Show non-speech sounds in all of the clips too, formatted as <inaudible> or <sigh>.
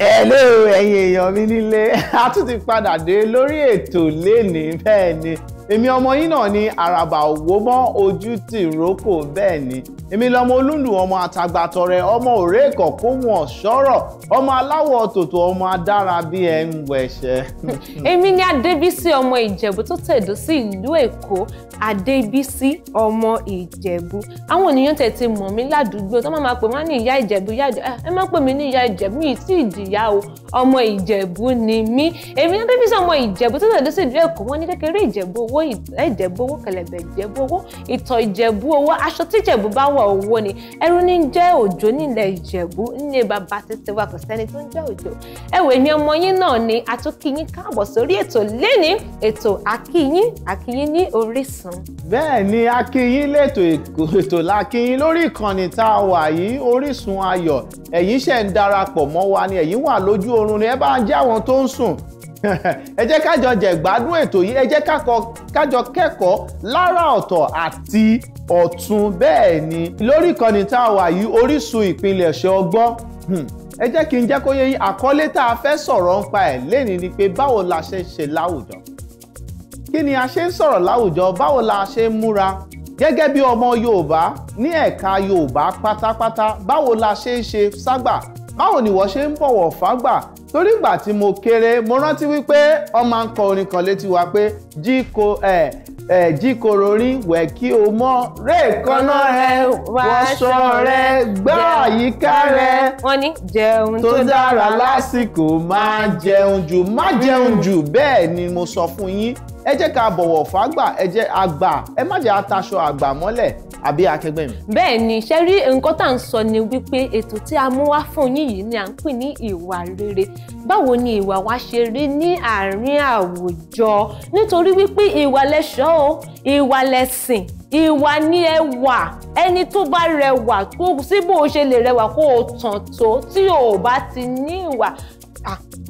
Hello ẹ̀yin èèyàn mi nílé <laughs> a tún ti padà dé lórí ètò lénìí bẹ́ẹ̀ ni èmi ọmọ yín náà ni àràbà òwò mọ́ ojú tì rókò bẹ́ẹ̀ ni èmi lọmọ olúndùn ọmọ àtàgbàtọrẹ ọmọ òré ìkọ̀kóhun ọ̀ṣọ́rọ̀ ọmọ aláwọ̀ tòtò ọmọ adára bíi ẹ̀ ń wẹ̀ṣẹ̀. <laughs> èmi ni adébísí ọmọ ìjẹ̀bú tó tẹ̀dó sí ìlú èkó adébísí ọmọ ìjẹ̀bú àwọn ènìyàn tètè mọ̀ mí ládùúgbò tó máa pè wọ́n ní ìyá ìjẹ̀bú ìyá ìjẹ̀bú ẹ má pè mí ní ìyá ìjẹ̀bú yìí tí ìjìyà o ọmọ ìjẹ̀bú ni mí èmi ni adébísí ọmọ ìjẹ̀bú tó tẹ̀dó sí ìlú èkó wọ́n owó ìjẹ̀bú owó kẹlẹ̀bẹ̀ ìjẹ̀bú owó ìtọ̀ ìjẹ̀bú owó aṣọ tí ìjẹ̀bú bá wọ̀ owó ni ẹrú ní jẹ́ òjò nílẹ̀ ìjẹ̀bú nílé bàbá tètè wa kò sẹ́ni tó ń jẹ́ òjò ẹ̀wẹ̀ ni ọmọ yín náà ni atúkìyín káàbọ̀ sórí ètò lẹ́ni ètò akíyín akíyín ní Orísun. bẹ́ẹ̀ ni akíyín lẹ́tò ètò lakíyín lórí ìkànnì tá a wà yìí Orísun ayọ̀ ẹ̀yin ṣẹ̀ ń darapọ̀ mọ́ wa ni ẹ̀yin wà lójú oorun ni ẹ bá ń jẹ́ àwọn tó ń sùn ẹ jẹ́ kájọ jẹ̀gbádùn ètò yìí ẹ jẹ́ kájọ kẹ́kọ̀ọ́ lára ọ̀tọ̀ àti ọ̀tún bẹ́ẹ̀ ni lórí ìkànnì tá a wà yìí orísun ìpilẹ̀ṣẹ̀ ọgbọ́n hmm. ẹ jẹ́ kí n jẹ́ kó yé yín àkọlé tá a fẹ́ sọ̀rọ̀ ń pa ẹ̀ lénìí ni pé báwo la ṣe ń ṣe láwùjọ kí ni a ṣe ń sọ̀rọ̀ láwùjọ báwo la ṣe ń múra gẹ́gẹ́ bí ọmọ Yorùbá ní ẹ̀ka Yorùbá pátápátá báwo la ṣe ń ṣe ságbà báwo ni wọ́n ṣe ń bọ̀wọ̀ fágbà torí ìgbà tí mo kéré mo rántí wípé ọmọ à ń kọ orin kan létí wa pé jíko ẹ ẹ jíkoro rí wẹ̀ kí o mọ́ réèkánná rẹ wọṣọ rẹ gbọ́ àyíká rẹ tó dára lásìkò má jẹun jù má jẹun jù bẹ́ẹ̀ ni mo sọ fún yín ẹ jẹ́ ká bọ̀wọ̀ fágbà ẹ jẹ́ àgbà ẹ má jẹ́ ataṣọ àgbà mọ́lẹ̀ àbí akẹgbẹ́ mi. bẹ́ẹ̀ ni ṣe rí nǹkan tá à ń sọ ni wípé ètò tí a mú wá fún yín yìí ni à ń pè ní ìwà rere báwo ni ìwà wa ṣe rí ní àárín àwùjọ nítorí wípé ìwà lẹ̀ṣọ́ o ìwà lẹ̀sìn ìwà ni ẹwà ẹni tó bá rẹwà tó sí bó o ṣe lè rẹwà kó o tàn tó tí o bá ti ní ìwà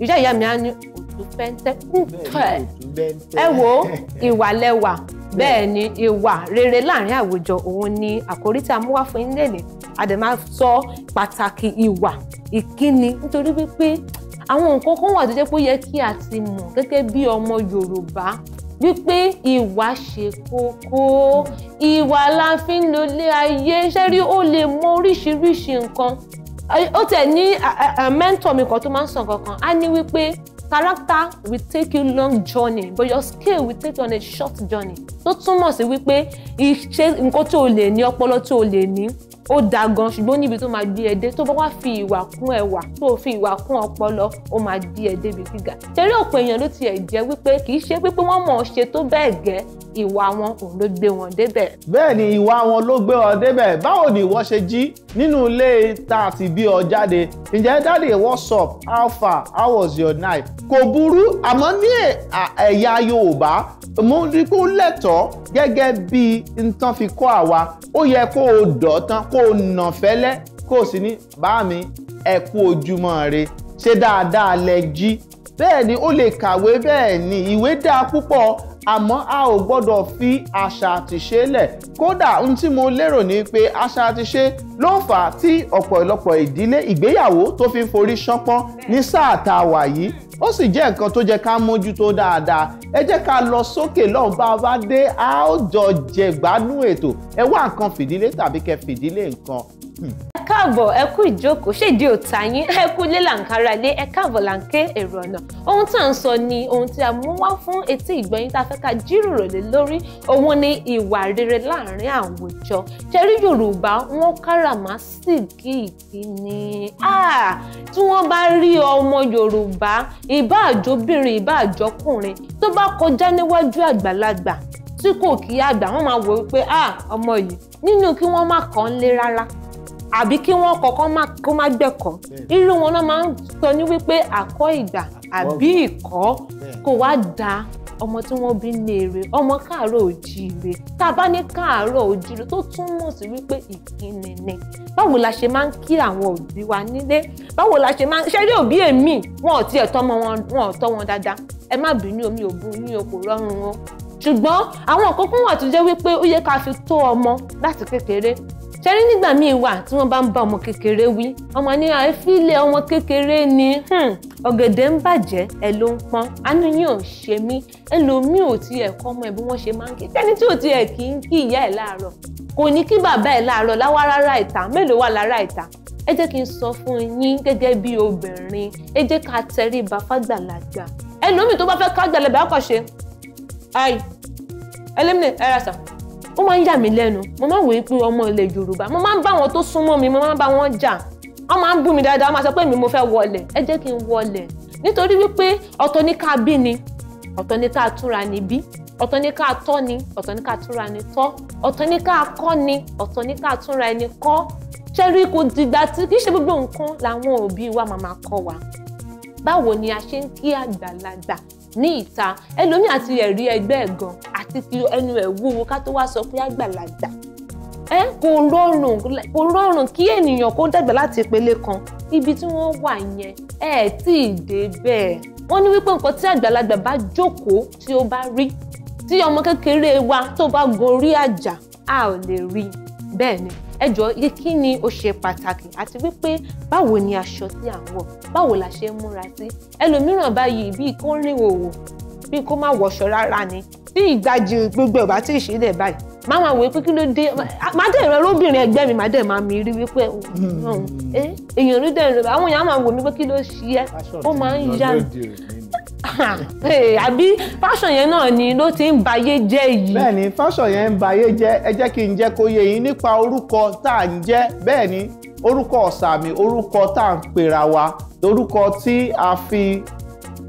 ìyá ìyá mi á ní òtún fẹ́ńtẹ́ kúkẹ́ ẹ wo ìwà lẹwà bẹ́ẹ̀ ni ìwà rere láàrin àwùjọ òun ni àkórí tí a mú wá fún yín lẹ́nìí a dẹ̀ máa sọ pàtàkì ìwà ìkíni nítorí wípé àwọn nǹkan kan wà tó jẹ́ pé ó yẹ kí a ti mọ̀ gẹ́gẹ́ bí ọmọ Yorùbá wípé ìwà ṣe kókó ìwà la fi ń lo ilé ayé ṣẹ́rí ó lè mọ oríṣiríṣi nǹkan ó tẹ̀ ní mẹ́ńtọ̀ mi kan tó máa ń sọ nǹkan á ní wípé character will take you long journey but your skill will take you on a short journey tó túmọ̀ sí wípé ìṣe nǹkan tí o lè ní ọpọlọ tí o lè ní ó da gan ṣùgbọ́n níbi tó máa gbé ẹ dé tó bá wá fi ìwà kún ẹwà tó fi ìwà kún ọpọlọ ó máa gbé ẹ débi gíga ṣeré ọ̀pọ̀ èèyàn ló tiẹ̀ jẹ́ wípé kì í ṣe pé wọ́n mọ̀ ọ́ ṣe tó bẹ́ẹ̀ gẹ́ ìwà wọn òun ló gbé wọn débẹ̀. bẹ́ẹ̀ ni ìwà wọn ló gbé wọn débẹ̀ báwo ni ìwọ ṣe jí nínú ilé tá a ti bí ọ jáde ǹjẹ́ dáàdi what's up how far how was your night kò burú àmọ́ ní ẹ̀yà Yorùbá mo rí kó lẹ́tọ̀ọ́ gẹ́gẹ́ bí nǹkan fi kọ́ àwa ó yẹ kó o dọ̀tán kó o nà fẹ́lẹ́ kó o sì ní bá mi ẹ kú ojúmọ́ re ṣé dáadáa lẹ jí bẹ́ẹ̀ ni ó lè kàwé bẹ́ẹ̀ ni ìwé dáa púpọ̀ àmọ́ a ò gbọ́dọ̀ fi àṣà àtìṣe lẹ̀ kódà ohun tí mo lérò ni pé àṣà àtìṣe ló fà á tí ọ̀pọ̀lọpọ̀ ìdílé ìgbéyàwó tó fi ń forí ṣánpọ́n ní sáà tá a wà yìí ó sì jẹ́ nǹkan tó jẹ́ ká mójútó dáadáa ẹ jẹ́ ká lọ sókè lọ́hùn bá a bá dé a ó jọ jẹ̀gbádùn ètò ẹ wá nǹkan fìdílé tàbí kẹ́ fìdílé nǹkan. Hmm káàbọ̀ ẹ kú ìjókòó ṣèdí òta yín ẹ kú lé làǹkárá lé ẹ káàbọ̀ làǹké èrò ọ̀nà ohun tí à ń sọ ni ohun tí a mú wá fún etí ìgbọ̀yìn tá a fẹ́ ká jíròrò lé lórí òun ni ìwà rere láàrin àwùjọ ṣẹ́rí Yorùbá wọn káràmásìkì ìkíni tí wọ́n bá rí ọmọ Yorùbá ìbá àjọbìnrin ìbá àjọkùnrin tó bá kọjá níwájú àgbàlagbà tí kò kí àgbà wọn máa wò wípé ọmọ yìí nínú kí wọ́n má kàn án lé rárá àbí kí wọ́n kọ̀ọ̀kan kó má gbẹ̀kọ́ irú wọn náà máa ń sọ ní wípé àkọ́ ìgbà àbí ìkọ́ kò wá da ọmọ tí wọ́n bí ní èrè ọmọ káàárọ̀ òjíire tá a bá ní káàárọ̀ òjíire tó túmọ̀ sí wípé ìkíni ni báwo la ṣe máa ń kí àwọn òbí wa nílé báwo la ṣe máa ń ṣe rí òbí èmi wọn ò tiẹ̀ tọ́ wọn wọn ò tọ́ wọn dáadáa ẹ má bínú omi ò bu yín o kò rọrùn o ṣùgbọ́n àwọn nǹkan kan wà tó wípé ó yẹ ká fi tó ọmọ láti kékeré ṣẹ́rí nígbà míì wà tí wọ́n bá ń bá ọmọ kékeré wí ọmọ ní àìfilẹ̀ ọmọ kékeré ni hmm, ọ̀gẹ̀dẹ̀ ń bàjẹ́ ẹ ló ń pọ́n àánú yín ò ṣe mí ẹlòmíì ò tiẹ̀ kọ́ ọmọ ẹ̀ bí wọ́n ṣe máa ń kí sẹ́ni tí ò tiẹ̀ kì í kí ìyá ẹ̀ láàárọ̀ kò ní kí bàbá ẹ̀ láàárọ̀ láwa rárá ìta mélòó wà lára ìta ẹ jẹ́ kí n sọ fún yín gẹ́gẹ́ bí obìnrin ẹ jẹ́ ká tẹríba fàgbàlagbà ẹlòmíì tó bá fẹ́ ká gbàlagbà á kàn ṣe ai ẹlẹ́mìnì ẹ ra sàn ó máa ń yà mí lẹ́nu mo máa ń wòye pé ọmọ ilẹ̀ Yorùbá mo máa ń bá wọn tó súnmọ́ mi mo máa ń bá wọn jà wọ́n máa ń bú mi dáadáa wọ́n máa sọ pé èmi mo fẹ́ wọlẹ̀ ẹ jẹ́ kí n wọlẹ̀ nítorí wípé ọ̀tọ̀ ní ká bí ni ọ̀tọ̀ ní ká túra ní bí ọ̀tọ̀ ní ká tọ́ ni ọ̀tọ̀ ní ká túra ní tọ́ ọ̀tọ̀ ní ká kọ́ ni ọ̀tọ̀ ní ká túra ẹni kọ́ ṣẹ́rí kò dìgbà tí kì í ṣe gbogbo nǹkan làwọn òbí wa máa máa kọ́ wa báwo ni a ṣe ń kí àgbàlagbà ní ìta ẹlòmíì àti ẹ̀rí ẹgbẹ́ gan títí ẹnu ẹ̀ wúwo ká tó wá sọ pé àgbàlagbà ẹ kò rọrùn kò rọrùn kí ènìyàn kó dàgbà láti ìpele kan ibi tí wọ́n wà yẹn ẹ tí ì dé bẹ́ẹ̀ wọ́n ní wípé nǹkan tí àgbàlagbà bá jókòó tí ó bá rí tí ọmọ kékeré wa tó bá gorí àjà a ò lè rí bẹ́ẹ̀ ni ẹjọ́ yìí kí ni ó ṣe pàtàkì àti wípé báwo ni aṣọ tí à ń wọ̀ báwo la ṣe ń múra sí ẹlòmíràn báyìí bíi kó rìn òwò bíi kó má wọṣọ rárá ni bí ìdajì gbogbo ọba tí ìṣe dẹ̀ báyìí máa máa wò pé kí ló dé máa dẹ̀ rẹ lóbìnrin ẹgbẹ́ mi máa dẹ̀ máa mi rí wípé hmm, eh, èèyàn ló dẹ̀ rẹ àwọn èèyàn máa wò mí pé kí ló ṣe é ó máa ń yá <laughs> eh, àbí fashion yẹn náà ni ló ti ń bayé jẹ́ yìí. bẹ́ẹ̀ni fashion yẹn ń bayé jẹ́ ẹ jẹ́ kí n jẹ́ kó yé yín nípa orúkọ tá à ń jẹ́ bẹ́ẹ̀ni orúkọ ọ̀sàmì orúkọ tá à ń pera wa orúkọ tí a fi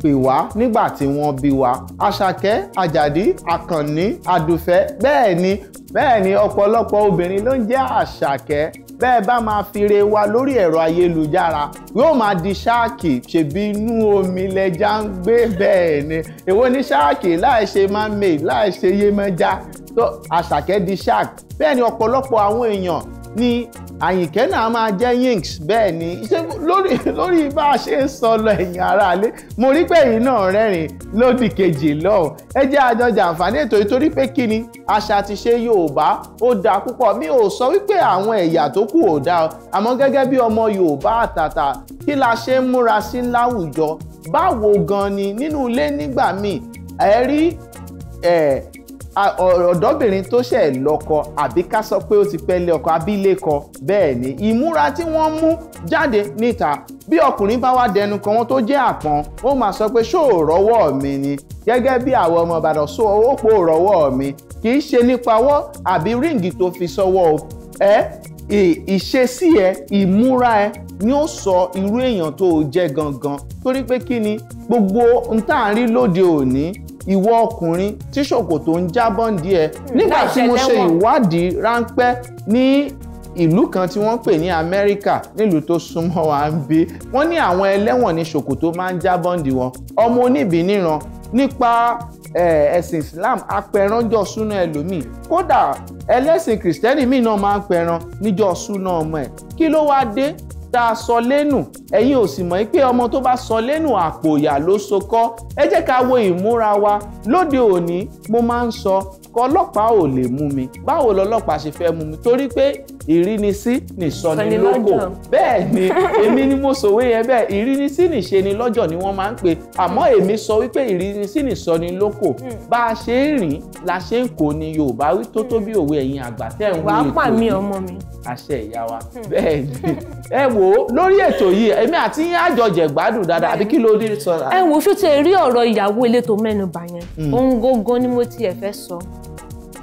pè wá nígbà tí wọ́n bí wa àṣàkẹ́ àjàdí àkànní àdùfẹ́ bẹ́ẹ̀ ni bẹ́ẹ̀ ni ọ̀pọ̀lọpọ̀ obìnrin ló ń jẹ́ àṣàkẹ́ bẹ́ẹ̀ bá máa fire wa lórí ẹ̀rọ ayélujára yóò máa di ṣáàkì ṣèbí inú omi lẹja ń gbé bẹ́ẹ̀ ni èwo ni ṣáàkì láì ṣe manmade láì ṣe yémẹ́já tó àṣàkẹ́ di ṣáàkì bẹ́ẹ̀ ni ọ̀pọ̀lọpọ̀ àwọn èèyàn ni àyìnkẹ́ náà máa jẹ́ yinks bẹ́ẹ̀ ni lórí lórí bá a ṣe ń sọ lọ ẹ̀yìn aráalé mo rí pé èyí náà rẹ́rìn lódì kejì lọ́hùn ẹ jẹ́ àjọjà àǹfààní ètò ìtorí pé kí ni àṣà ti ṣe Yorùbá ó dáa púpọ̀ mi ò sọ wípé àwọn ẹ̀yà tó kù ò dáa àmọ́ gẹ́gẹ́ bí ọmọ Yorùbá àtàtà kí la ṣe ń múra sí láwùjọ báwo gan ni nínú ilé nígbà míì ẹ rí ẹ ọ̀dọ́bìnrin tó ṣẹ̀ lọ́kọ àbí ká sọ pé ó ti pẹ́ lé ọkọ abílékọ bẹ́ẹ̀ ni ìmúra tí wọ́n mú jáde níta bí ọkùnrin bá wá dẹnu kan wọn tó jẹ́ àpọ́n ó máa sọ pé ṣó rọ́wọ́ mi ni gẹ́gẹ́ bí àwọn ọmọ Ìbàdàn sọ ó pò rọ́wọ́ mi kì í ṣe nípa ọwọ́ àbí ríǹgì tó fi sọ́wọ́ ẹ ìṣesí ẹ ìmúra ẹ ni ó sọ irú èèyàn tó o jẹ́ gangan torí pé kí ni gbogbo n tá lóde òní ìwọ ọkùnrin tí ṣòkòtò ń jábọ́ díẹ̀ hmm, nígbà tí mo ṣe ìwádìí ráńpẹ́ ní ìlú kan tí wọ́n pè ní Amẹ́ríkà nílùú tó súnmọ́ wa ń bí wọ́n ní àwọn ẹlẹ́wọ̀n ní ṣòkòtò máa ń jábọ́ dì wọn ọmọ oníbìníran nípa ẹ̀sìn Islam apẹranjọ́ súná ẹlòmíì kódà ẹlẹ́sìn kìrìsìtẹ́nì míì náà máa ń pẹran níjọ́ súná ọmọ ẹ̀ kí ló wá dé tá a sọ lẹ́nu ẹ̀yin ò sì mọ̀ pé ọmọ tó bá sọ lẹ́nu àpò ìyà ló sokọ́ ẹ jẹ́ ká wo ìmúra wa lóde òní mo máa ń sọ kọ ọlọ́pàá ò lè mú mi báwo lọlọ́pàá ṣe fẹ́ mú mi torí pé ìrínisí nìsọnilókò bẹ́ẹ̀ ni <laughs> èmi ni mo sòwe yẹn bẹ́ẹ̀ ìrínisí nìṣenilọ́jọ̀ ni wọ́n máa ń pè àmọ́ èmi sọ wípé ìrínisí nìsọnilókò hmm. bá a ṣe ń rìn la ṣe ń kó ni Yorùbá wí tó tó bí òwe ẹ̀yin àgbà tẹ̀ ń wí ètò yìí wàá ọmọ mi àṣẹ ìyá wa hmm. bẹ́ẹ̀ ni ẹ <laughs> w wò ó lórí ètò yìí èmi àti yín àjọjẹ gbádùn dáadáa àbí kí ló dé sọ. ẹ wò ṣó ti rí ọ̀rọ̀ ìyàwó ilé tó mẹ́nu bà yẹn hmm. ohun gógó ni mo tiẹ̀ fẹ́ sọ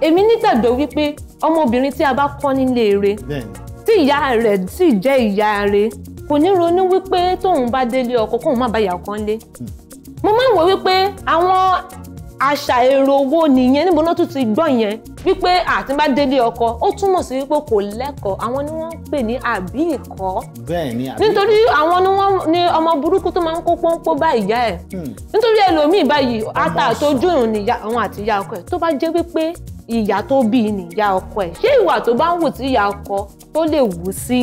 èmi nígbàgbọ́ wípé ọmọbìnrin tí a bá kọ́ nílé eré tí ìyá rẹ̀ sì jẹ́ ìyá rẹ̀ kò ní ronú wípé tóun bá délé ọkọ kóun má bá ìyá kan lé hmm. mo máa ń wò wípé àwọn àṣà èrò owó nìyẹn níbo náà tún ti gbọ́ yẹn wípé àti bá délé ọkọ ó túmọ̀ sí wípé kò lẹ́kọ̀ọ́ àwọn ni wọ́n ń pè ní àbí ìkọ́. bẹ́ẹ̀ ni àbí nítorí àwọn ni wọ́n ni ọmọ burúkú tó máa ń kó pọ́npọ́ bá ìyá ẹ̀ hmm. nítorí ẹlòmíì báyìí ata àtọ́jú ìrùn ni àwọn àti ìyá ọkọ ẹ̀ tó bá jẹ́ wípé ìyá tó bí i nìyá ọkọ ẹ̀ ṣé ìwà tó bá ń wù tí ìyá ọkọ tó lè wù sí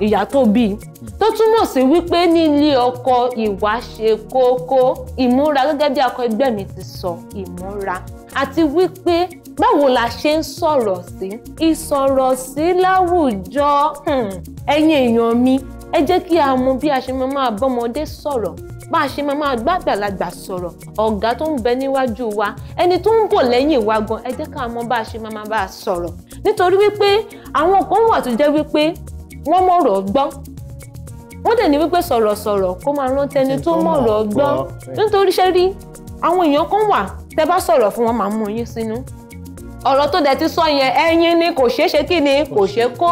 ìyá tó bí i hmm. tó túmọ̀ sí wípé nílé ọkọ ìwà ṣe kókó ìmúra gẹ́gẹ́ bí akọ ẹgbẹ́ mi ti sọ ìmúra àti wípé báwo la ṣe ń sọ̀rọ̀ sí ìsọ̀rọ̀ sí láwùjọ hmm. ẹ̀yin èèyàn mi ẹ jẹ́ kí a mọ bí a ṣe máa bọ́mọdé sọ̀rọ̀ bá a ṣe máa máa gbàgbàlagbà sọ̀rọ̀ ọ̀gá tó ń bẹ níwájú wa ẹni tó ń bọ̀ lẹ́yìn wa gan ẹ jẹ́ ká mọ̀ bá a ṣe máa máa bá a sọ̀rọ̀ nítorí wípé àwọn kan wà tó jẹ́ wípé wọ́n mọ̀rọ̀ gbọ́ wọ́n dẹ̀ ní wípé sọ̀rọ̀sọ̀rọ̀ kó máa rántí ẹni tó mọ̀rọ̀ gbọ́ nítorí ṣé rí àwọn èèyàn kan wà tẹ́ bá sọ̀rọ̀ fún wọn máa mú yín sínú ọ̀rọ̀ tó dẹ̀ ti sọ yẹn ẹyin ni kò ṣeé ṣe kí ni kò ṣeé kó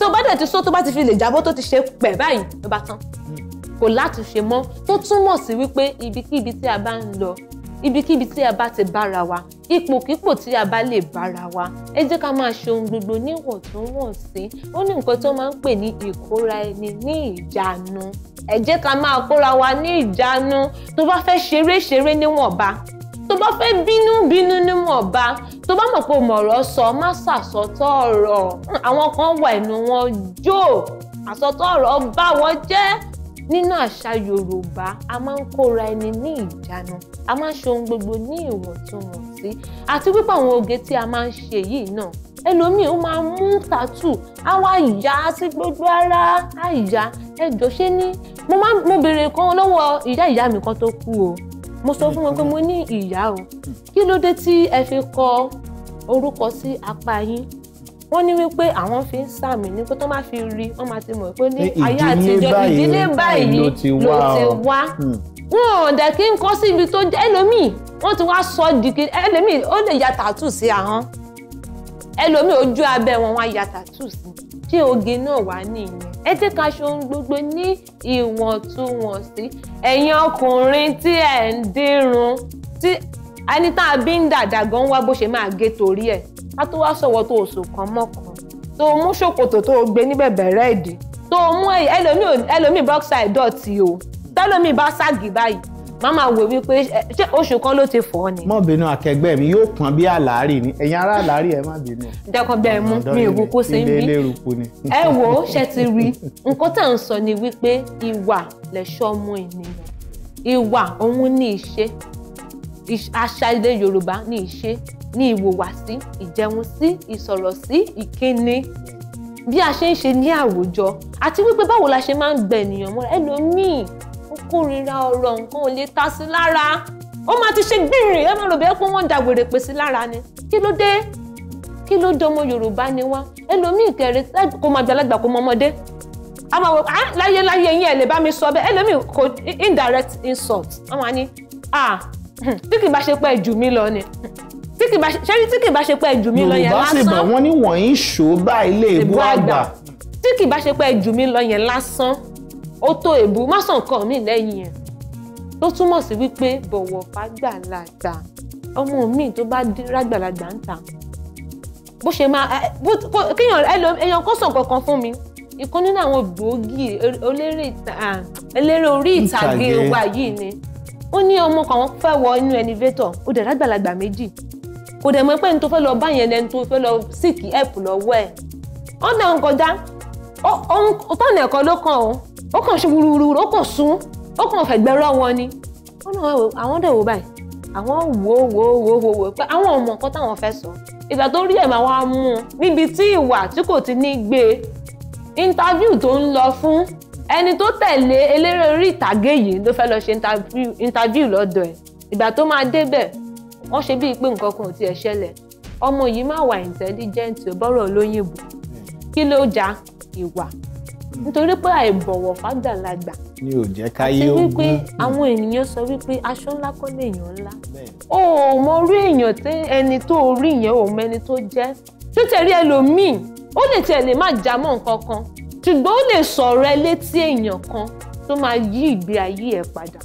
tó bá dẹ̀ ti sọ tó bá ti fi lè jábọ́ tó ti ṣe pẹ̀ báyìí ló bá tán hmm kò látúnṣe mọ́ tó túmọ̀ sí wípé ibikíbi tí a bá ń lọ ibikíbi tí a bá ti bára wa ipòkípò tí a bá lè bára wa ẹ jẹ́ ká máa ṣe ohun gbogbo níwọ̀ntúnwọ̀nsí ó ní nǹkan tó máa ń pè ní ìkóra ẹni ní ìjánu ẹ jẹ́ ká máa kóra wa ní ìjánu tó bá fẹ́ ṣeré ṣeré níwọ̀nba tó bá fẹ́ bínú bínú níwọ̀nba tó bá mọ̀ pé mọ̀rọ̀ sọ má ṣàsọtọ̀ ọ̀rọ̀ àwọn kan wà ẹnu wọn jó àsọtọ̀ ọ̀rọ̀ bá wọn jẹ́ nínú àṣà yorùbá a máa ń kóra ẹni ní ìjánu a máa ń ṣe ohun gbogbo ní ìwọ̀ntúnwọ̀nsí àti wípé àwọn oge tí a máa ń ṣe yìí náà ẹlòmíì ó máa mú tàtù á wá yá sí gbogbo ara á yá ẹjọ ṣé ní mo máa mo béèrè kan lọ́wọ́ ìyá ìyá mi kan tó kú o mo sọ fún wọn pé mo ní ìyá o kí ló dé tí ẹ fi kọ orúkọ sí apá yín wọ́n ní wípé àwọn fi ń sàmì ní pé tó máa fi rí wọ́n máa ti mọ̀ pé ní ayé àtijọ́ ìdílé báyìí ló ti wá hmm. wọn ò dẹ̀ kí n kọ́ síbi tó jẹ́ ẹlòmíì wọ́n ti wá sọ di kí ẹlòmíì ó lè ya tàtù sí ahọ́n ẹlòmíì ojú abẹ́ wọn wá ya tàtù sí ṣé oge náà wà nìyẹn ẹ jẹ́ ká ṣe gbogbo ní ìwọ̀ntúnwọ̀nsí ẹ̀yin ọkùnrin tí ẹ̀ ń dírun tí ẹni tá a bí ń dàdà gan wá bó ṣe máa gé torí ẹ̀ a tó wá sọ̀wọ́ tó o sò kan mọ́kan tó o mú ṣòkòtò tó o gbé ní bẹ̀bẹ̀rẹ̀ ìdí tó o mú ẹlòmíì bọ́ksà ìdọ̀tí o tẹ́lòmíì bá ságì báyìí màmá wò wípé ṣé oṣù kan ló ti fọ̀ ọ́ ni. mọ bínú akẹgbẹ́ mi yóò pọn bí àlàárì ni ẹ̀yin ará àlàárì ẹ má bínú. dẹkọ bẹẹ mú mi ìwúkú sí mi ẹ wò ó <laughs> ṣe ti rí nǹkan tá à ń sọ ni wípé ìwà lẹ̀ṣọ́ ọmọ ènìyàn ìwà òun ni ìṣe àṣà ilẹ̀ Yorùbá ní ìṣe ní ìwòwàsí ìjẹun sí ìsọ̀rọ̀ sí ìkíni bí a ṣe ń ṣe ní àwùjọ àti wípé báwo la ṣe máa ń gbẹ ènìyàn mọ́ra ẹlòmíì ó kórìíra ọ̀rọ̀ nǹkan ò lè ta sí lára ó máa ti ṣe gbìnrín ẹ máa rò bẹ́ẹ̀ pé wọ́n da wèrè pè sí lára ni kí ló dé kí ló dọmọ Yorùbá ni wá ẹlòmíì kẹrẹ kó máa gbàlagbà kó ọmọdé a máa wọ ah láyé láyé yín ẹ lè bá mi sọ bẹ́ẹ̀ ẹlòmíì kò indirect insult àwọn àní ah tí kì bá ṣe pé jù mí lọ ni tí kì bá ṣe tí kì bá ṣe pé jù mí lọ yẹn lásán Yorùbá sì bọ̀ wọ́n ní wọ̀nyí ṣó bá ilé ìbú àgbà tí kì bá ṣe pé jù mí lọ yẹn lásán ó tó èbú má sàn kàn mí lẹ́yìn yẹn tó túmọ̀ sí wípé bọ̀wọ̀ fàgbàlagbà ọmọ mi tó bá rágbàlagbà ń ta bó ṣe máa kéèyàn èèyàn kó sàn kankan fún mi ìkan nínú àwọn gbòógì eléré orí ìtàgé wa yìí ni ó ní ọmọ kan àwọn fẹ́ wọ inú ẹnivétọ̀ ó dẹ̀ rágbàlagbà méjì kò dẹ̀ mọ̀ pé ní tó fẹ́ lọ bá yẹn lẹ́nu tó fẹ́ lọ síìkì ẹ̀pù lọ́wọ́ ẹ̀ ó dẹ̀ ń kọjá ó tọ̀nà ẹ̀kọ́ ló kàn ó ó kàn ṣe wúruwúru ó kàn sún ó kàn fẹ̀gbẹ́ rọ́ wọn ni àwọn dẹ̀ wò báyìí àwọn wò wò wò wò wò pé àwọn ọmọ nǹkan táwọn fẹ́ sọ ìgbà tó rí ẹ̀mà wa mú un níbi tí ìwà tí kò ti ní gbé interview tó ń lọ fún ẹni tó tẹ̀lé eléré orí ìtàgé yìí ló fẹ́ lọ ṣe interview lọ́dọ̀ ẹ̀ ìgbà tó máa débẹ̀ wọ́n ṣe bíi pé nǹkan kan ò tiẹ̀ ṣẹlẹ̀ ọmọ yìí má wà intelligent ò bọ́rọ̀ lóyìnbó kí ló ja ìwà nítorí pé àìbọ̀wọ̀ fàgbàlagbà ni ò jẹ́ káyé ogun àti wípé àwọn ènìyàn sọ wípé aṣọ ńlá kọ́ lèèyàn ńlá o ò mọ orí èèyàn tí ẹni tó rí yẹn ò mọ ẹni tó jẹ́ títẹ̀rí ẹlòmíì ó lè tiẹ̀ lè má jámọ́ nǹkan kan ṣùgbọ́n ó lè sọ̀rọ̀ ẹ létí èèyàn kan tó máa yí ìgbé ayé ẹ padà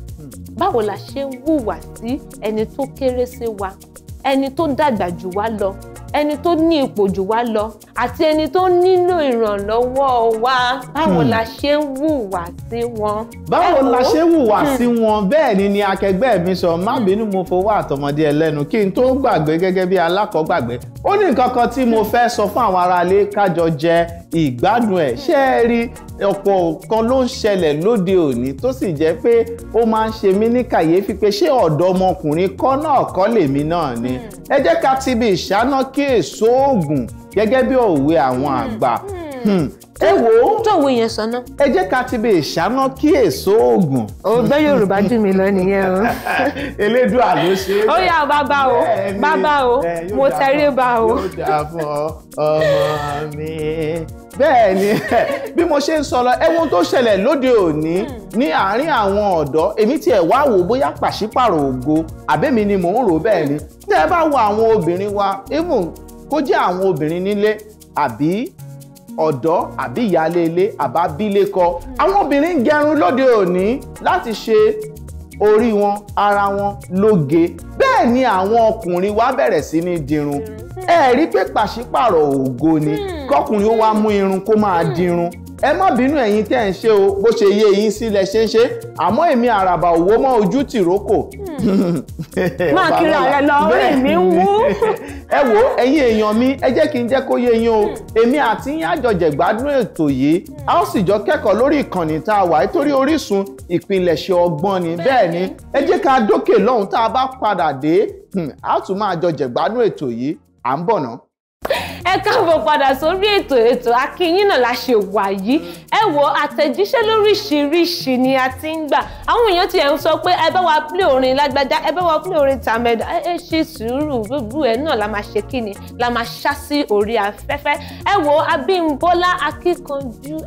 báwo la ṣe ń hùwà sí ẹni tó kéré sí wa ẹni tó dàgbà jù wá lọ ẹni tó ní ipò jù wá lọ àti ẹni tó nílò ìrànlọ́wọ́ wa báwo la ṣe ń hùwà sí wọn. báwo la ṣe ń hùwà sí hmm. wọn bẹ́ẹ̀ ni ni akẹgbẹ́ mi sọ má bínú mo fowó àtọmọdé ẹlẹ́nu kí n tó gbàgbé gẹ́gẹ́ bí alákọ̀ọ́gbàgbé ó ní nǹkan kan tí mo fẹ́ sọ fún àwọn aráalé kájọ jẹ ìgbádùn ẹ̀ ṣé ẹ rí ọ̀pọ̀ nǹkan ló ń ṣẹlẹ̀ lóde òní tó sì jẹ́ pé ó máa ń ṣe mí ní kàyéfì pé ṣé ọ̀dọ́mọkùnrin kan náà kọ́ lèmi náà ni hmm. ẹ jẹ́ ká ti bí ìṣáná kí èso oògùn gẹ́gẹ́ bí òwe àwọn hmm, àgbà hmm. ẹ wo yẹn sọnà. ẹ jẹ́ ká ti bè ṣáná kí èso oògùn. ó yorùbá jù mí lọ nìyẹn o. <laughs> elédùà ló ṣe é. ó yá bàbá o bàbá o mo tẹrí ba o. yóò dáa fún ọ ọmọ mi bẹ́ẹ̀ ni <laughs> bí mo ṣe ń sọ̀rọ̀ ẹ̀wọ̀n tó ṣẹlẹ̀ lóde òní hmm. ní àárín àwọn ọ̀dọ́ èmi tiẹ̀ wá wò bóyá pàṣípàrọ̀ ògo àbẹ́mi ni mò ń rò bẹ́ẹ̀ ni ẹ bá wo àwọn obìnrin wa even kó jẹ́ àwọn obìnrin nílé àbí ọ̀dọ́ àbí ìyáálé ilé àbábílékọ hmm. àwọn obìnrin ń gẹrun lóde òní láti ṣe orí wọn ara wọn lóge bẹ́ẹ̀ àwọn ọkùnrin wa bẹ̀rẹ̀ sí ní dirun. Hmm ẹ rí pé pàṣípàrọ̀ ògo ni hmm. kọkùnrin ó wá mú irun kó máa hmm. dirun ẹ má bínú ẹ̀yin tẹ́ ń ṣe o bó ṣe yé yín sílẹ̀ ṣe ń ṣe àmọ́ èmi àràbà òwò mọ́ ojú tìrókò. Hmm. máa kiri ààrẹ lọ orí <laughs> mi ń wú. <laughs> ẹ wo ẹ̀yin èèyàn mi ẹ jẹ́ kí n jẹ́ kó yé yín o èmi àti yín àjọjẹ̀ gbádùn ètò yìí a ó sì jọ kẹ́kọ̀ọ́ lórí ìkànnì tá a wà nítorí Orísun ìpilẹ̀ṣẹ̀ ọgbọ́n ni bẹ́ẹ̀ ni ẹ jẹ́ ká dókè lọ́hùn tá a bá padà dé a ó tún máa jọ jẹ̀gbádùn ètò yìí à ń bọ̀ náà ẹ káàbọ̀ padà sórí ètò ètò akínyìn náà la ṣe wà yìí ẹ wo àtẹ̀jíṣẹ́ lóríṣiríṣi ni a ti ń gbà àwọn èèyàn ti ẹ̀ ń sọ pé ẹ bá wa pílé orin lágbájá ẹ bá wa pílé orin tàmẹ́dà ẹ ṣe sùúrù gbogbo ẹ̀ náà la máa ṣe kí ni la máa ṣá sí orí afẹ́fẹ́ ẹ wo Abímbọ́lá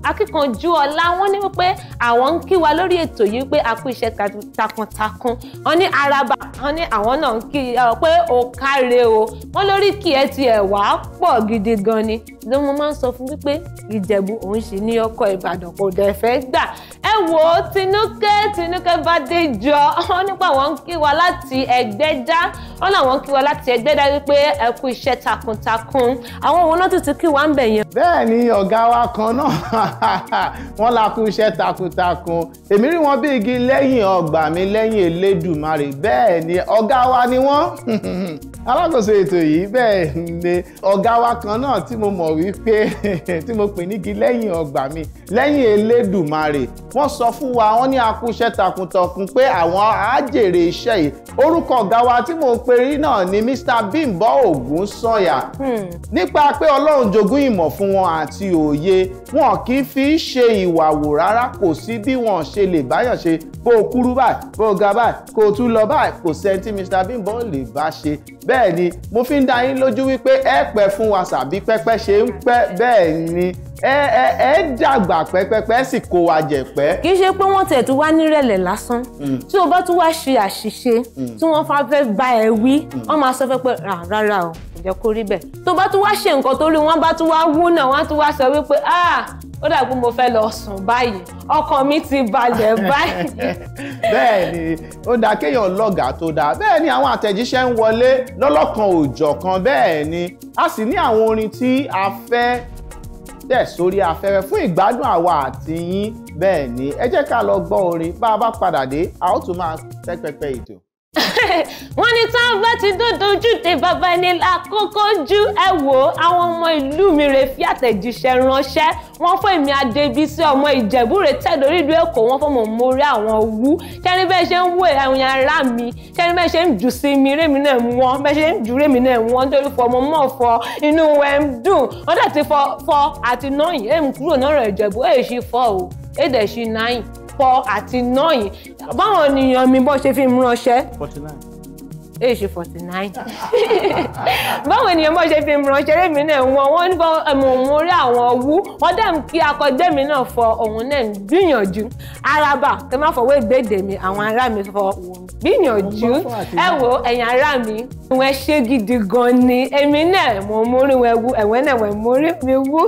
akíkanjú ọlá wọn ní pé àwọn ń kí wa lórí ètò yìí pé a kú iṣẹ́ takuntakun wọn ní araba wọn ní àwọn náà ń kí pé ó káre o wọn lórí kí ẹ ti ẹ̀ wá pọ̀ gidi gan ni ló mo máa ń sọ fún wípé ìjẹ̀bú òun ṣì ní ọkọ̀ ìbàdàn kò dẹ̀ fẹ́ gbà ẹ wò tinúkẹ́ tinúkẹ́ bá dé jọ wọn nípa àwọn ń kí wa láti ẹgbẹ́dá wọn làwọn ń kí wa láti ẹgbẹ́dá wípé ẹ kú iṣẹ́ takuntakun àwọn òun náà tún kí wa ń bẹ̀ yẹn. bẹ́ẹ̀ ni ọ̀gá wa kan náà <laughs> wọ́n la kú iṣẹ́ takuntakun èmi rí wọn bí igi lẹ́yìn ọgbà mi lẹ́yìn Elédùmarè bẹ́ẹ̀ ni ọ̀gá wa ni wọ́n <laughs> alákòóso ètò yìí bẹ́ẹ̀ ni ọ̀gá wa kan náà tí mo mọ̀ wípé <laughs> tí mo pè nígi lẹ́yìn ọgbà mi lẹ́yìn elédùmarè wọ́n sọ fún wa wọ́n ní akúṣẹ́ takuntakun pé àwọn á jèrè iṣẹ́ yìí orúkọ ọ̀gá wa tí mò ń pe rí náà ni Mr Bimbo Ogunsanya hmm. nípa pé ọlọ́run jogún ìmọ̀ fún wọn àti òye wọn kì í fi í ṣe ìwà rárá kò sí bí wọn ṣe lè báyàn ṣe bó o kúrú báyìí bó o ga báyìí kó o tún lọ báyìí kò sẹ́ni tí Mr Bimbo lè bá ṣe bẹ́ẹ̀ ni mo fi ń dá yín lójú wípé ẹ pẹ́ fún wa sàbí pẹ́pẹ́ ṣe ń pẹ́ bẹ́ẹ̀ ni ẹ ẹ ẹ dàgbà pẹ́pẹ́pẹ́ sì kó wa jẹ pẹ́. kì í ṣe pé wọ́n tẹ̀ tún wá nírẹ̀lẹ̀ lásán mm. tí o bá tún wá ṣe àṣìṣe mm. tí wọ́n fà fẹ́ bá ẹ wí mm. wọ́n máa sọ fẹ́ pé rárá o kò jẹ́ kó rí bẹ́ẹ̀ tó bá tún wá ṣe nǹkan tó rí wọ́n bá tún wá wú náà wọ́n tún wá sọ wípé ah ó dàgbé mo fẹ́ lọ sùn báyìí ọkàn mi ti balẹ̀ <laughs> báyìí. bẹ́ẹ̀ ni ó dáa kéèyàn lọ́gàá tó dáa bẹ́ẹ̀ ni àwọn àtẹ̀jíṣẹ́ ń wọlé lọ́lọ́kan òòjọ̀kan bẹ́ẹ̀ ni a sì ní àwọn orin tí a fẹ́ tẹ̀ sórí afẹ́fẹ́ fún ìgbádùn àwa àti yín bẹ́ẹ̀ ni ẹ jẹ́ ká lọ gbọ́ orin bá a bá padà dé a ó tún máa tẹ́ pẹpẹ ètò. <laughs> wọ́n ní táwọn bá ti dòdò ojúde bàbá ẹni lákòókò ju ẹ wò ó àwọn ọmọ ìlú mi rè fi àtẹ̀jíṣẹ́ ránṣẹ́ wọ́n fún èmi adébísí ọmọ ìjẹ̀bú rè tẹ̀dọ̀ orílẹ̀ èkó wọ́n fọmọ mórí àwọn wú kẹ́ni bẹ́ẹ̀ ṣe ń wò ẹ̀yìn ara mi kẹ́ni bẹ́ẹ̀ ṣe ń jù sí mi rémi náà wọ́n bẹ́ẹ̀ ṣe ń jù rémi náà wọ́n nítorí fọ ọmọ mọ́ fọ inú ẹ̀ ń dùn wọ́n dẹ̀ ti fọ àti nọ́yìn èmi kúrò náà rẹ̀ ìjẹ̀bú èyí ṣì fọ́ o èdè ṣì náyìn fọ àti nọ́yìn báwọn ènìyàn mi bọ́ ṣe fi mú ránṣẹ́. forty nine Age forty nine báwo ènìyàn mọ̀ ṣe fi ránṣẹ́ lèmi náà wọ́n wọ́n ń bọ́ ẹ̀mọ̀ òun orí àwọn wú wọ́n dẹ̀ kí akọgbẹ́ mi náà fọ òun náà gbìyànjú araba kẹ́ má fọwọ́ ìgbédè mi àwọn ará mi fọ gbìyànjú ẹ wo ẹ̀yin ará mi ìwọ̀n ẹ ṣe gidi gan ni èmi náà mo mórí wọn wú ẹ̀wọ̀n náà wọ́n mórí mi wú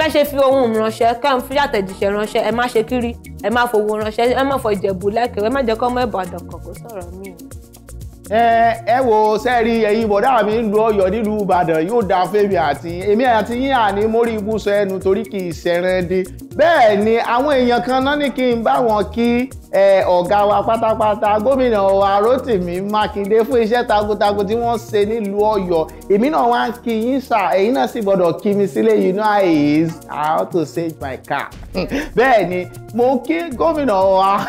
bẹ́ ṣe fi ohun ránṣẹ́ kẹ́ ń fi àtẹ̀jíṣẹ́ ránṣẹ́ ẹ má ṣe kiri ẹ má fowó ránṣẹ́ ẹ má fọ ìjẹ̀bù lẹ́kẹ̀ẹ́ ẹ má jẹ́ kọ́ mọ́ ìbàdàn kọ̀ọ̀kọ́ sọ̀rọ̀ míì ẹ ẹ wo sẹ́ẹ̀rí ẹ̀yin bọ̀dá mi ń lu ọyọ̀ nílùú ìbàdàn yóò da fẹ́mi àti èmi àti yín àní mórí ibùsọ̀ ẹnu torí kì í ṣẹran dé bẹ́ẹ̀ ni àwọn èèyàn kan náà ní kí n bá wọn kí ọ̀gá wa pátápátá gómìnà wa Rótìmí Mákindé fún iṣẹ́ takuntakun tí wọ́n ṣe nílùú Ọ̀yọ́ èmi náà wá ń kí yín sà èyí náà sì gbọ́dọ̀ kí mi sílé you know I is how to save my car <laughs> bẹ́ẹ̀ ni mo ń kí gómìnà wa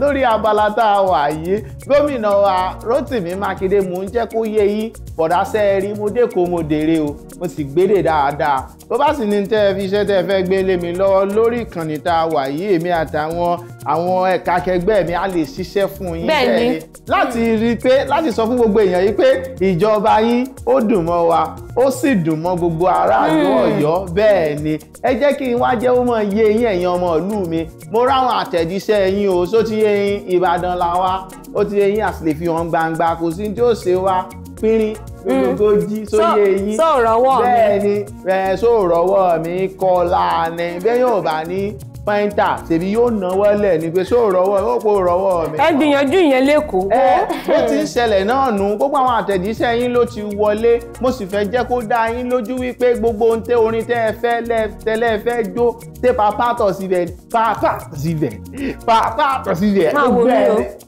lórí abala tá a wà yìí gómìnà wa Rótìmí Mákindé mò ń jẹ́ kó yé yín bọ̀dá sẹ́ẹ̀rí mo dé kó mo dèrè o mo sì gbédè dáadáa bó bá sì ní tẹ́ ẹ fi iṣẹ́ tẹ́ ẹ fẹ́ gbé mi lọ́wọ́ lórí ìkànnì tá a wà yìí èmi àtàwọn àwọn ẹ̀ka akẹgbẹ́ mi a lè ṣiṣẹ́ fún yín bẹ́ẹ̀ ni láti rí i pé láti sọ fún gbogbo èèyàn yìí pé ìjọba yín ó dùn mọ́ wa ó sì dùn mọ́ gbogbo aráàlú hmm. Ọ̀yọ́ bẹ́ẹ̀ ni ẹ jẹ́ kí n wá jẹ́ ó mọ̀ yé yín ẹ̀yin ọmọ ìlú mi mo ráwọn àtẹ̀jíṣẹ́ yín o só ti yé Ìbàdàn la wá ó ti yé yín àsìlè fi hàn gbangba kò sí ní tí ó ṣe wá pínrín lógójì sóyè yín bẹ́ẹ̀ ni bẹ́ẹ̀ só rọ́wọ́ mi kọ́lá ni bẹ́ẹ̀ yóò bá ní pẹ́ńtà ṣèbí yóò náwó lẹ̀ ní pé só rọ́wọ́ ó kó rọ́wọ́ mi. ẹ gbìyànjú ìyẹn lẹ́kọ̀ọ́. ẹ bó ti ń ṣẹlẹ̀ náà nù gbogbo àwọn àtẹ̀jíṣẹ́ yín ló ti wọlé mo sì fẹ́ jẹ́ kó dá yín lójú wípé gbogbo ohun tẹ orin tẹ ẹ fẹ́ tẹlẹ ẹ fẹ́ jó tẹ pàápàá tọ̀ síbẹ̀ pàápàá tọ̀ síbẹ̀ pàápàá tọ̀ síbẹ̀ ó bẹ́ẹ̀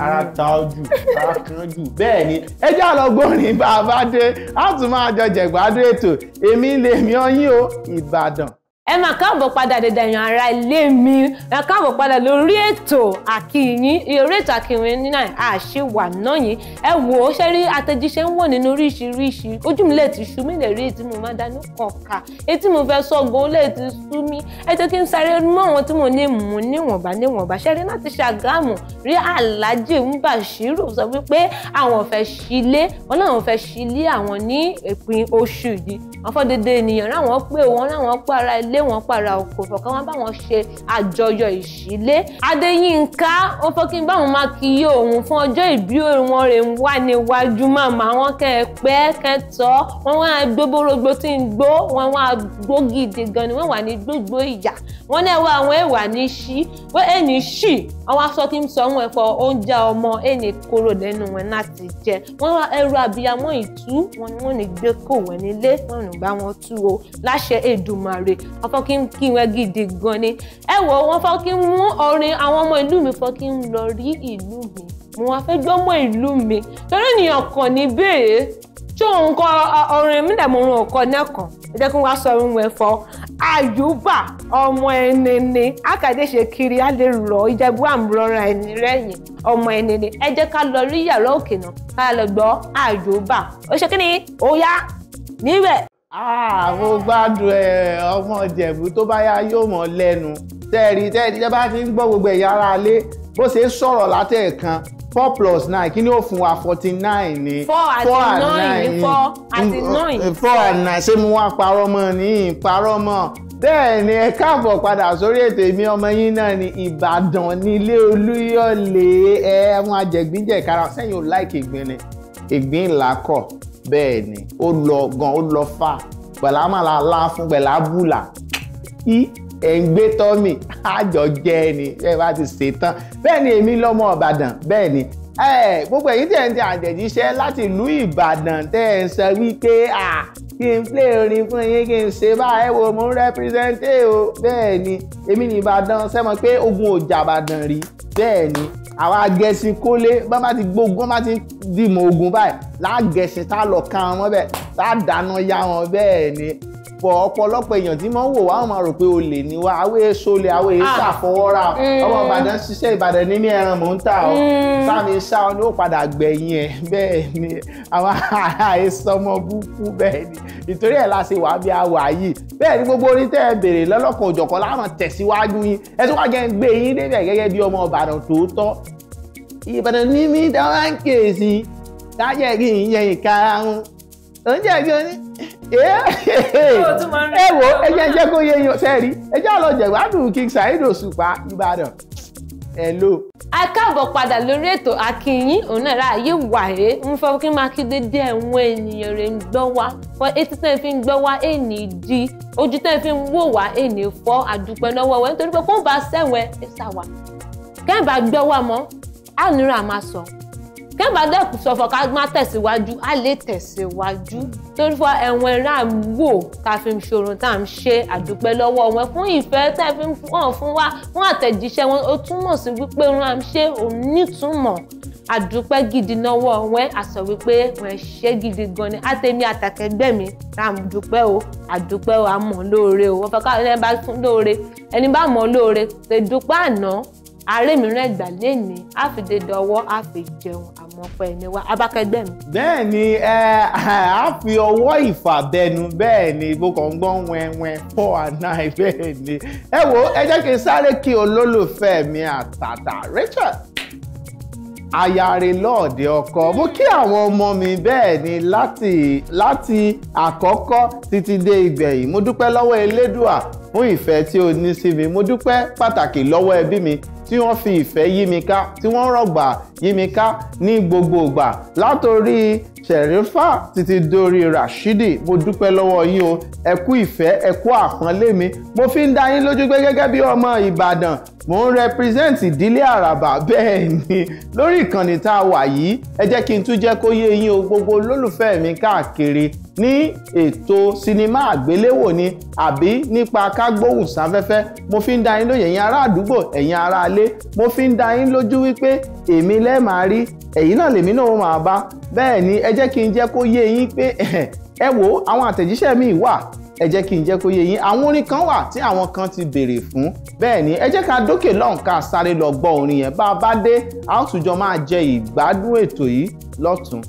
ara ta ojú ara kan jù bẹ́ẹ̀ ni ẹ jẹ́ àlọ́gbọ́nrin bá a dé a tún máa jọ jẹ̀gbádùn ètò èmi lèmi ọyìn o Ìbàdàn ẹ máa káàbọ̀ padà dẹ̀dẹ̀ èèyàn ara ilé mi ẹ káàbọ̀ padà lórí ètò àkìyìn orí ètò àkìyìn ní náà àṣewà náà yìí ẹ wò ó ṣe rí àtẹ̀jíṣẹ́ ń wò nínú oríṣiríṣi ojú mi lè ti ṣú mi lè rí ètí mo máa dání kọ̀ọ̀ka ètí mo fẹ́ sọ gan lè ti sú mi ẹ jẹ́ kí n sáré mọ́ àwọn tí mo ní mú níwọ̀nba níwọ̀nba ṣe rí láti Ṣàgámù rí Alhaji Mubashiru sọ wípé àwọn fẹ́ ṣílé wọn láwọn fẹ́ ṣílé àwọn ní ìpín oṣù yìí àwọn ènìyàn láwọn pé wọn láwọn pé ara ilé ilé wọn pàrà oko fọkàn wọn bá ṣe àjọyọ̀ ìṣílé adéyínká ó fọkín bá wọn máa kí iye òun fún ọjọ́ ìbí wọn rè ń wà níwájú màmá wọn kẹ ẹ pẹ kẹtọ wọn wá gbóborogbo tí ń gbó wọn wá gbó gidi gan ni wọn wà ní gbogbo ìyà wọn náà wá àwọn ẹwà ní ṣí wọn ẹni ṣì àwọn aṣọ tí ń sọ wọn ẹfọ oúnjẹ ọmọ ẹni kúrò lẹ́nu wọn láti jẹ wọn wá ẹrù abiyamọ ìtú wọn ni wọn ní gbé kò wọn nílé wọn ò bá wọn tú o láṣẹ Èdùmàrè wọ́n fọ́ kí n kí wọn gidi gan ni ẹ wò wọ́n fọ́ kí n mú orin àwọn ọmọ ìlú mi fọ́ kí n lọ rí ìlú mi mo wá fẹ́ gbọ́ mọ́ ìlú mi torí ènìyàn kàn ní béèrè tí òun kọ orin mi dàbí orin ọkọ náà kan kí n wá sọ orin wọn fọ àyùbá ọmọ ẹni ni àkàdé ṣe kiri á lè rọ ìjẹ̀bú àmúrọ̀rọ̀ ẹni rẹ̀yìn ọmọ ẹni ni ẹ ká lọ rí yàrá òkè náà ká lọ gbọ́ àyùbá ó ṣe kí ni ó yá níbẹ̀. Ah, mo gbádùn ẹ ọmọ ìjẹ̀bú tó bá yá yóò mọ̀ lẹ́nu tẹ́ẹ̀rí tẹ́ẹ̀rí tẹ́ bá ti ń gbọ́ gbogbo ẹ̀yà ara lé bó ṣe ń sọ̀rọ̀ látẹ̀ẹ̀kan four plus nine kí ni ó fún wa forty nine ni four and mm, nine ni eh, four and nine four àti nine ṣé mo wá parọ́ mọ́ ní parọ́ mọ́ bẹ́ẹ̀ ni ẹ káàbọ̀ padà sórí ètò èmi ọmọ yín náà ní Ìbàdàn nílé Olúyọ̀lé ẹ wọn àjẹgbínjẹ kára sẹ́yìn ò láìkì ìgbín ni ìgbín ìlàkọ̀ bẹ́ẹ̀ ni ó lọ gan ó lọ fà pẹ̀lú àmàlà lá fún pẹ̀lú àbùlà í ẹ̀ ń gbé tọ́mì àjọ jẹ́ ni ẹ bá ti ṣe tán bẹ́ẹ̀ ni èmi lọ́mọ Ìbàdàn bẹ́ẹ̀ ni gbogbo èyí tẹ̀ ń tẹ àjẹjíṣẹ́ láti ìlú Ìbàdàn tẹ̀ ń sọ wípé kí n plé orin fún yín kí n ṣe báyìí wo mo ń rẹ́pírẹ́sẹ́ńté o bẹ́ẹ̀ ni èmi ní Ìbàdàn sẹ́mọ pé ogun ò jàbàdàn rí bẹ́ẹ̀ ni àwọn agẹṣin kólé bá bá ti gbógun bá ti dìmọ̀ ogun báyìí lágẹṣin tá lọ ká wọn bẹ́ẹ̀ tá dáná yá wọn bẹ́ẹ̀ ni bọ̀ ọ̀pọ̀lọpọ̀ èèyàn tí wọ́n wò wá wọ́n máa rò pé olè ni wá awé sólè awé ṣàfọwọ́ra ah. mm. ọmọ ìbàdàn ṣiṣẹ́ ìbàdàn ní ẹran mò ń tà ọ́ sáàmì ṣá ọ ni ó padà gbẹ̀yìn ẹ̀ bẹ́ẹ̀ ni àwọn ará ìsọmọ búkú bẹ́ẹ̀ ni ìtorí ẹ̀ la ṣe bí awà yìí bẹ́ẹ̀ ni gbogbo orin tẹ́ ẹ béèrè lọ́lọ́kan òjọ̀kan láwọn tẹ̀síwájú yín ẹ tún wá jẹ́ oúnjẹ ẹ̀gbẹ́ ni ẹ wo ẹ jẹ́ jẹ́ kó sẹ́ẹ̀rí ẹ jẹ́ ọlọ́jẹ̀ gbádùn King Ìbàdàn hello. a káàbọ̀ padà lórí ètò akínyìn òun náà wàyé ń fọ́ kí mákindé dé ẹ̀wọ̀n ènìyàn rẹ̀ ń gbọ́ wá fọ etí tẹ́ fi ń gbọ́ wá di ojú tẹ́ fi ń wò wá fọ́ àdúpẹ́ lọ́wọ́ nítorí pé kó kẹ́bàdẹ́kù sọ fún ká má tẹ̀síwájú á lè tẹ̀síwájú torí fún ẹ̀wọ̀n ẹ̀rá wò tá a fi ń ṣòrun tá a ń ṣe àdúpẹ́ lọ́wọ́ wọn fún ìfẹ́ tẹ́ fi hàn fún wa fún àtẹ̀jíṣẹ́ wọn ó túmọ̀ sí wípé rán à ń ṣe òun nítumọ̀ àdúpẹ́ gidi náwó wọn á sọ wípé wọn ṣe gidi gan ni àtẹ̀mí àtàkẹgbẹ́ mi tá a dúpẹ́ o àdúpẹ́ o àmọ̀ lóore o wọ́n fẹ́ ká ẹni bá fún lóore ẹni bá mọ̀ lóore ààrẹ mìíràn ẹgbà lẹ́ni á fi dédé ọwọ́ á fi jẹun àmọ́ ọpẹ́ ẹni wá abákẹ́gbẹ́ mi. bẹ́ẹ̀ ni ẹ á fi ọwọ́ ìfàbẹnu bẹ́ẹ̀ ni bó kàn ń gbọ́ wẹ́wẹ́ four and nine bẹ́ẹ̀ ni ẹ wo ẹ jẹ́ kí n sáré kí olólùfẹ́ mi àtàtà Rachel ayare lọ́ọ̀dẹ ọkọ mo kí àwọn ọmọ mi bẹ́ẹ̀ ni láti láti àkọ́kọ́ títí dé ìgbẹ̀yìn mo dúpẹ́ lọ́wọ́ elédùà fún ìfẹ́ tí o ní sí mi mo dúpẹ́ pàtàkì lọ́wọ́ ẹbí mi tí wọ́n fi ìfẹ́ yí mi ká tí wọ́n rọ̀gbà yí mi ká ní gbogbo ìgbà látòrí Sherifa títí dórí Rashidi mo dúpẹ́ lọ́wọ́ yín o ẹ kú ìfẹ́ ẹ àpọ́nlé mi mo fi ń dá yín lójú pé gẹ́gẹ́ bí ọmọ Ìbàdàn mo ń represent ìdílé àràbà <laughs> bẹ́ẹ̀ ni lórí ìkànnì tá a wà yìí ẹ jẹ́ kí n tún jẹ́ kó yé yín o gbogbo olólùfẹ́ mi káàkiri ní ètò sinimá àgbéléwò ni àbí nípa kágbóhùn mo fi ń dá yín lóye ẹ̀yin ará àdúgbò ẹ̀yin ará ilé mo fi ń dá yín lójú wípé èmi lẹ́ẹ̀ máa rí ẹ̀yin náà lèmi náà máa bá bẹ́ẹ̀ ni ẹ jẹ́ kí n jẹ́ kó yé yín pé <laughs> ẹ wò àwọn àtẹ̀jíṣẹ́ mi wà ẹ jẹ́ kí n jẹ́ kó yé yín àwọn orin kan wà tí àwọn kan ti béèrè fún bẹ́ẹ̀ ni ẹ jẹ́ ká dókè lọ́hùn ká sáré lọ gbọ́ orin yẹn bá a bá dé a ó tún jọ máa jẹ ìgbádùn ètò yìí lọ́tùn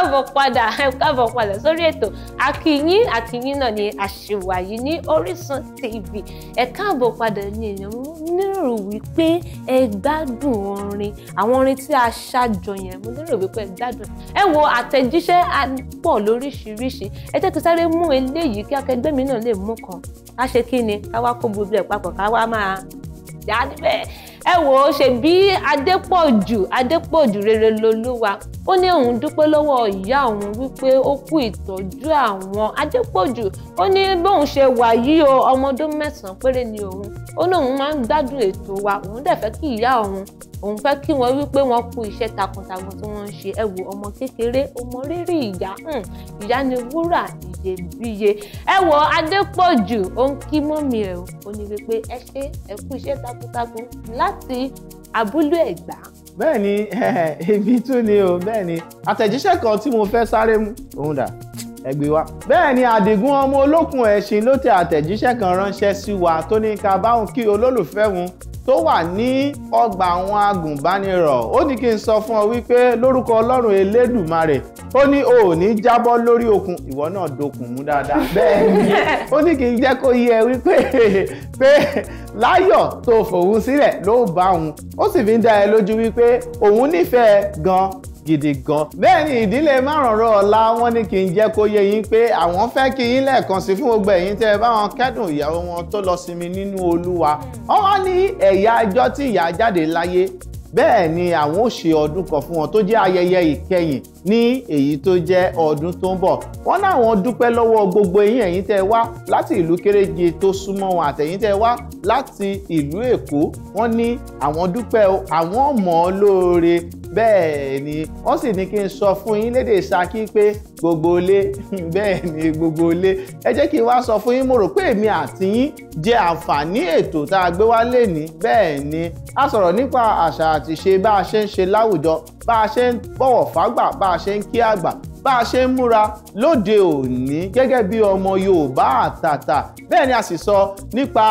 káàbọ̀ padà ẹ káàbọ̀ padà sórí ètò akínyìn akínyìn náà ni àṣewàyí ní Orísun TV ẹ káàbọ̀ padà ní èèyàn nírò wípé ẹ gbádùn orin àwọn orin tí a ṣàjọ yẹn mo nírò wípé ẹ gbádùn ẹ wo àtẹ̀jíṣẹ́ pọ̀ lóríṣiríṣi ẹ tètè sáré mú eléyìí kí akẹgbẹ́ mi náà lè mú kan á ṣe kí ni ká wá kó gbogbo ẹ̀ papọ̀ ká máa jáde bẹ́ẹ̀ ẹ wò ó ṣe bí adépọ̀jù adépọ̀jù rere lolúwa ó ní òun dúpẹ́ lọ́wọ́ ìyá òun wípé ó kú ìtọ́jú àwọn adépọ̀jù ó ní bóun ṣe wà yìí o mẹ́sàn-án péré ni òun ó ní òun máa ń gbádùn ètò wa òun dẹ̀ fẹ́ kí ìyá òun òun fẹ́ kí wọ́n wí pé wọ́n kú iṣẹ́ takuntakun tí wọ́n ń ṣe ẹ wo ọmọ kékeré ọmọ rírì ìyá ìyá ni wúrà ìyebíye ẹ wo Adépọ̀jù ó ń kí mọ́mì ẹ̀ ó ní wípé ẹ ṣe ẹ kú iṣẹ́ takuntakun láti abúlé Ẹ̀gbá. bẹ́ẹ̀ ni <laughs> èmi tún ni o bẹ́ẹ̀ ni àtẹ̀jíṣẹ́ kan tí mo fẹ́ sáré mú òun dà ẹgbẹ́ wa. bẹ́ẹ̀ ni àdìgún ọmọ olókùn ẹ̀sìn ló tẹ àtẹ̀jíṣẹ́ kan ránṣẹ́ sí wa tó ní ká báwọn kí olólùfẹ́ wọn tó wà ní ọgbà àwọn agùnbánirọ̀ ó ní kí n sọ fún ọ wípé lórúkọ ọlọ́run elédùmarè ó ní o ò ní jábọ́ lórí okùn ìwọ náà dokùn mú dáadáa <laughs> bẹ́ẹ̀ ni ó ní kí n jẹ́ kó yẹ wípé <laughs> pé láyọ̀ tó fòun sílẹ̀ ló bá òun ó sì fi ń dá ẹ lójú wípé òun nífẹ̀ẹ́ gan gidi gan. bẹ́ẹ̀ ni ìdílé márùnrún ọ̀la wọn ní kí n jẹ́ kó yé yín pé àwọn fẹ́ kí yín lẹ́ẹ̀kan sí fún gbogbo ẹ̀yin tẹ́ ẹ bá wọn kẹ́dùn ìyàwó wọn tó lọ sinmi nínú olúwa. wọ́n ní ẹ̀yà ọjọ́ tí ìyá jáde láyé bẹ́ẹ̀ ni àwọn ó ṣe ọdún kan fún wọn tó jẹ́ ayẹyẹ ìkẹyìn ní èyí tó jẹ́ ọdún tó ń bọ̀ wọ́n láwọn dúpẹ́ lọ́wọ́ gbogbo yín ẹ̀yin tẹ́ wá láti ìlú kéréje tó súnmọ́ wọn àtẹ̀yin tẹ́ wá láti ìlú èkó wọ́n ní àwọn dúpẹ́ àwọn mọ̀ ọ́ lóore bẹ́ẹ̀ ni wọ́n sì ní kí n sọ fún yín lédè Ṣakí pé gbogbo ilé <laughs> bẹ́ẹ̀ ni gbogbo ilé ẹ jẹ́ kí n wá sọ fún yín mo rò pé èmi àti yín jẹ àǹfààní ètò tá a gbé wá lénìí bẹ́ẹ̀ ni a sọ̀rọ̀ nípa àṣà àti ṣe bá a ṣe ń ṣe láwùjọ bá a ṣe ń bọ̀wọ̀ fágbà bá a ṣe ń kí àgbà bá a ṣe ń múra lóde òní gẹ́gẹ́ bí ọmọ Yorùbá àtàtà bẹ́ẹ̀ ni a sì sọ nípa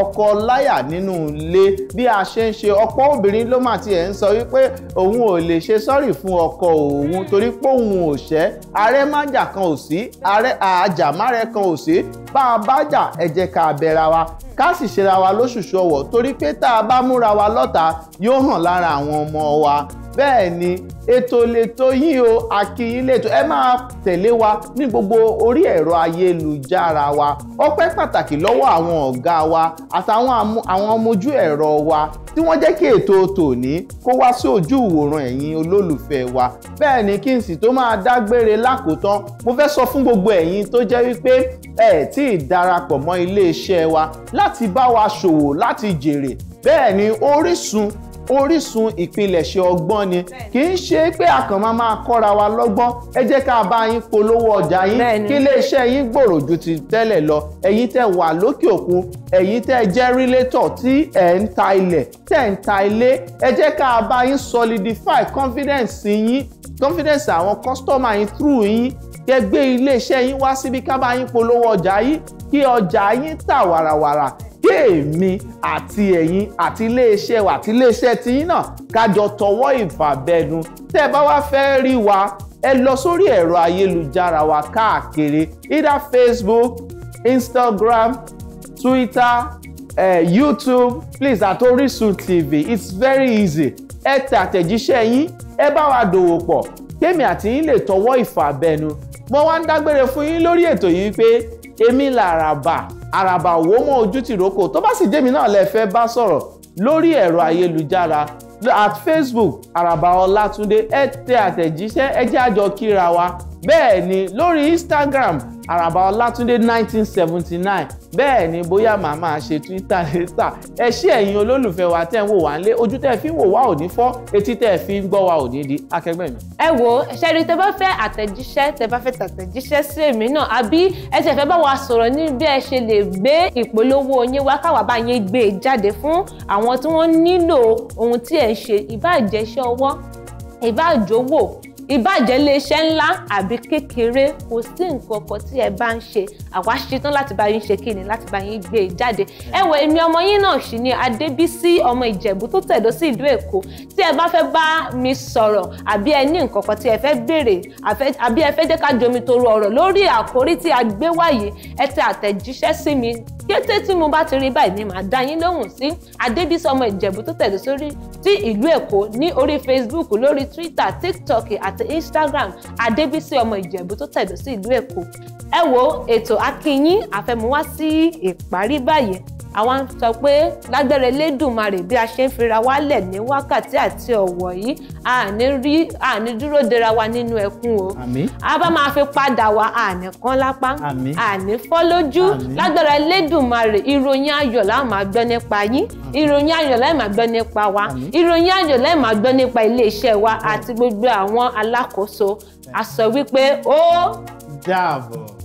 ọkọ láyà nínú ilé bí a ṣe ń ṣe ọ̀pọ̀ obìnrin ló mà tiẹ̀ ń sọ wípé òun ò lè ṣe sọ́rí fún ọkọ òun torí pé òun ò ṣẹ́ ààrẹ májà kan ò sí ààrẹ àjàmárẹ kan ò sí bá a bá jà ẹ jẹ́ ká bẹ̀ra wa ká sì ṣera wa lóṣùṣù ọwọ̀ torí pé tá a bá múra wa lọ́ta yóò hàn lára àwọn ọmọ wa bẹ́ẹ̀ ni ètò lètò yín o àkìyín lètò ẹ máa tẹ̀lé wa ní gbogbo orí ẹ̀rọ ayélujára wa ọpẹ́ pàtàkì lọ́wọ́ àwọn ọ̀gá wa àtàwọn àwọn ọmọjú ẹ̀rọ wa tí wọ́n jẹ́ kí ètò tòní kó wá sí ojú ìwòran ẹ̀yin olólùfẹ́ wa bẹ́ẹ̀ ni kí n sì tó máa dágbére lákòótán mo fẹ́ sọ fún gbogbo ẹ̀yin tó jẹ́ wípé ẹ tí ì darapọ̀ mọ́ iléeṣẹ́ wa láti bá wa ṣòwò láti jèrè bẹ́ẹ̀ ni Orísun orísun ìpilẹ̀ṣẹ̀ ọgbọ́n ni kì í ṣe pé àkàn máa máa kọ́ra wa lọ́gbọ́n ẹ jẹ́ ká bá yín polówó ọjà yín kí iléeṣẹ́ yín gbòòrò ju ti tẹ́lẹ̀ lọ ẹ̀yin tẹ́ wà lókè òkun ẹ̀yin tẹ́ jẹ́ rílétọ̀ tí ẹ̀ ń ta ilẹ̀ tẹ́ ń ta ilé ẹ jẹ́ ká bá yín solidify confidence yín confidence àwọn customer yín through yín kẹ́ gbé iléeṣẹ́ yín wá síbi ká bá yín polówó ọjà yín kí ọjà yín tà wàràwàrà kéèmí àti ẹ̀yin àti iléeṣẹ́ wa àti iléeṣẹ́ tiyín náà kájọ tọwọ́ ìfàbẹ́nu tẹ́ ẹ bá wá fẹ́ rí wa ẹ lọ sórí ẹ̀rọ ayélujára wa káàkiri either Facebook Instagram Twitter uh, YouTube please at Orisun TV it's very easy ẹ tẹ àtẹ̀jíṣẹ́ yín ẹ bá wa dòwò pọ̀ kémi àti yín lè tọwọ́ ìfàbẹ́nu mo wá ń dágbére fún yín lórí ètò yìí pé èmi làràbà àràbà wò mọ́ ojú tìrókò tó bá sì jẹ́mi náà lẹ fẹ́ bá sọ̀rọ̀ lórí ẹ̀rọ ayélujára at facebook àràbà ọlátúndé ẹ tẹ àtẹ̀jíṣẹ́ ẹ jẹ́ àjọ kíra wa bẹ́ẹ̀ ni lórí instagram àràbà ọlátúndé 1979 bẹ́ẹ̀ ni bóyá màá máa ṣe twitter later <laughs> ẹ ṣí ẹ̀yin olólùfẹ́ wa tẹ́ ń wò wá nílé ojú tẹ́ fi ń wò wá ò fọ́ etí tẹ́ fi ń gbọ́ wa ò ní di akẹgbẹ́ mi. ẹ wo ṣẹ́ni tẹ bá fẹ́ àtẹ̀jíṣẹ́ tẹ bá fẹ́ tàtẹ̀jíṣẹ́ sí èmi náà àbí ẹ tẹ̀ bá wa sọ̀rọ̀ ní bí ẹ ṣe lè gbé ìpolówó yín wá káwá bá yín gbé e jáde fún àwọn tí wọ́n nílò ohun tí ẹ ń ṣe ìbáà jẹ́ iṣẹ́ ọwọ́ ìbáà ìbàjẹ́ iléeṣẹ́ ńlá àbí kékeré kò sí nǹkan kan tí ẹ bá ń ṣe àwa ṣetán láti bá yín ṣe kí ni láti bá yín gbé e jáde ẹ wò èmi ọmọ yín náà sì ni adébísí ọmọ ìjẹ̀bú tó tẹ̀dó sí ìlú èkó tí ẹ bá fẹ́ bá mi sọ̀rọ̀ àbí ẹ ní nǹkan kan tí ẹ fẹ́ béèrè àbí ẹ fẹ́ jẹ́ ká jomi toro ọ̀rọ̀ lórí àkórí tí a gbé wáyé ẹ tẹ àtẹ̀jíṣẹ́ sí mi kété tí mo bá ti rí báyìí ni màá dá yín lóhùn sí adébísí ọmọ ìjẹ̀bú tó tẹ̀dó sórí ti ìlú èkó ní orí facebook lórí twitter tiktok àti àti Instagram Adébísí ọmọ Ìjẹ̀bú tó tẹ̀dó sí ìlú Èkó ẹ wo ètò Akíìyín àfẹmúwá sí ìparí báyìí àwa ń sọ pé lágbára Elédùmarè bí a ṣe ń fira wálẹ̀ ní wákàtí àti ọ̀wọ̀ yìí a ní rí a ní dúró dera wa nínú ẹkún o a bá máa fi padà wá a ní kán lápá a ní fọ́ lójú lágbára Elédùmarè ìròyìn ayọ̀ la máa gbọ́ nípa yín ìròyìn ayọ̀ la máa gbọ́ nípa wa ìròyìn ayọ̀ la máa gbọ́ nípa iléeṣẹ́ wa àti gbogbo àwọn alákòóso a sọ wípé ó dàbọ̀.